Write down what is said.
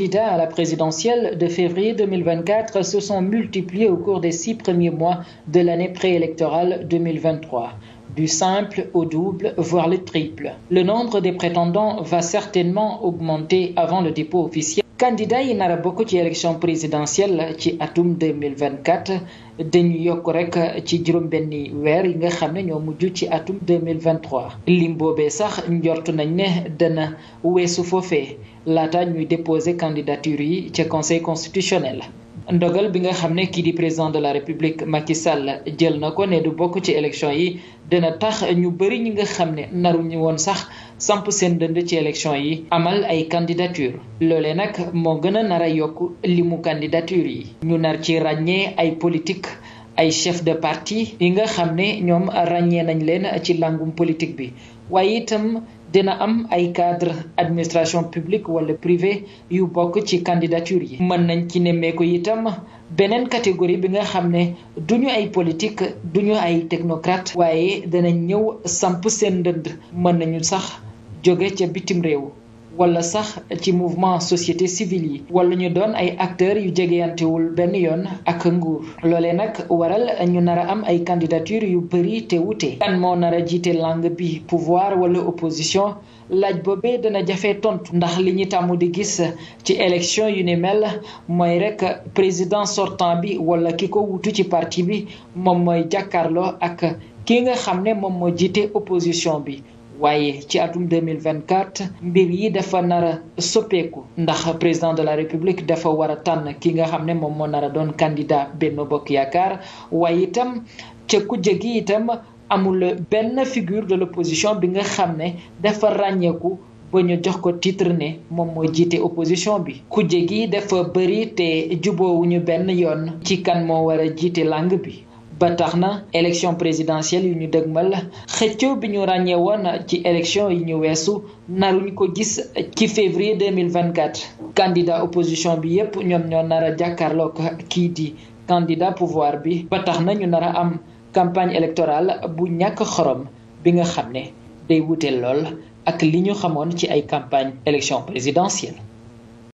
candidats à la présidentielle de février se sont multipliés au cours des six premiers mois de l'année préélectorale du simple au double, voire le triple. Le nombre des prétendants va certainement augmenter avant le dépôt candidat yi nar a bokk ci élection présidentielle ci atum 2024 dañu yokk rek ci juróom-benni weer yi nga xam ne ñoo mujj ci atum 2023 lim boobee sax njort nañ ne dana weesu foofee laata ñuy déposer candidature yi ca conseil constitutionnel ndogal bi nga xam ne kii di président de la république Macky Sall jël na ko ne du bokk ci élection yi dina tax ñu bëri ñi nga xam ne naruñu woon sax samp seen dënd ci élection yi amal ay candidature loole nag moo gën a nar a yokk limu candidature yi ñu nar ci ràññee ay politique ay chef de parti yi nga xam ne ñoom ràññee nañ leen ci làngum politique bi waaye itam dina am ay cadre administration publique wala privé yu bokk ci candidature yi mën nañ ci nemmeeku yitam beneen catégorie bi nga xam ne duñu ay politique duñu ay technocrate waaye danañ ñëw samp seen ndënd mën nañu sax jóge ca bitim réew wala sax ci mouvement société civile yi wala ñu doon ay acteurs yu jegeyantewul benn yoon ak nguur loolee nag waral ñu nar a am ay candidature yu bëri te wute kan moo nar a jiite langue bi pouvoir wala opposition laaj boobee dana jafe tontu ndax li ñu tàmm di gis ci élection yu ni mel mooy rek président sortant bi wala ki ko wutu ci parti bi moom mooy jàkkaarloo ak ki nga xam ne moom moo jiite opposition bi waaye ci atum 2024 mbir yi dafa nar a soppeeku ndax président de la république dafa war a tànn ki nga xam ne moom moo nar a doon candidat benn Bokk Yaakaar waaye itam ca kujje gi itam amul benn figure de l'opposition bi nga xam ne dafa ràññeeku ba ñu jox ko titre ne moom moo jiite opposition bi kujje gi dafa bëri te juboowu ñu benn yoon ci kan moo war a jiite langue bi ba na élection présidentielle yu ñu dëgmal xëccoo bi ñu ràññee woon ci élection yi ñu weesu naruñ ko gis ci février 2024 candidat opposition bi yépp ñoom ñoo nar a jàkkaarloog kii di candidat pouvoir bi ba tax na ñu nar a am campagne électorale bu ñàkk xorom bi nga xam ne day wuteel lool ak li ñu xamoon ci ay campagne élection présidentielle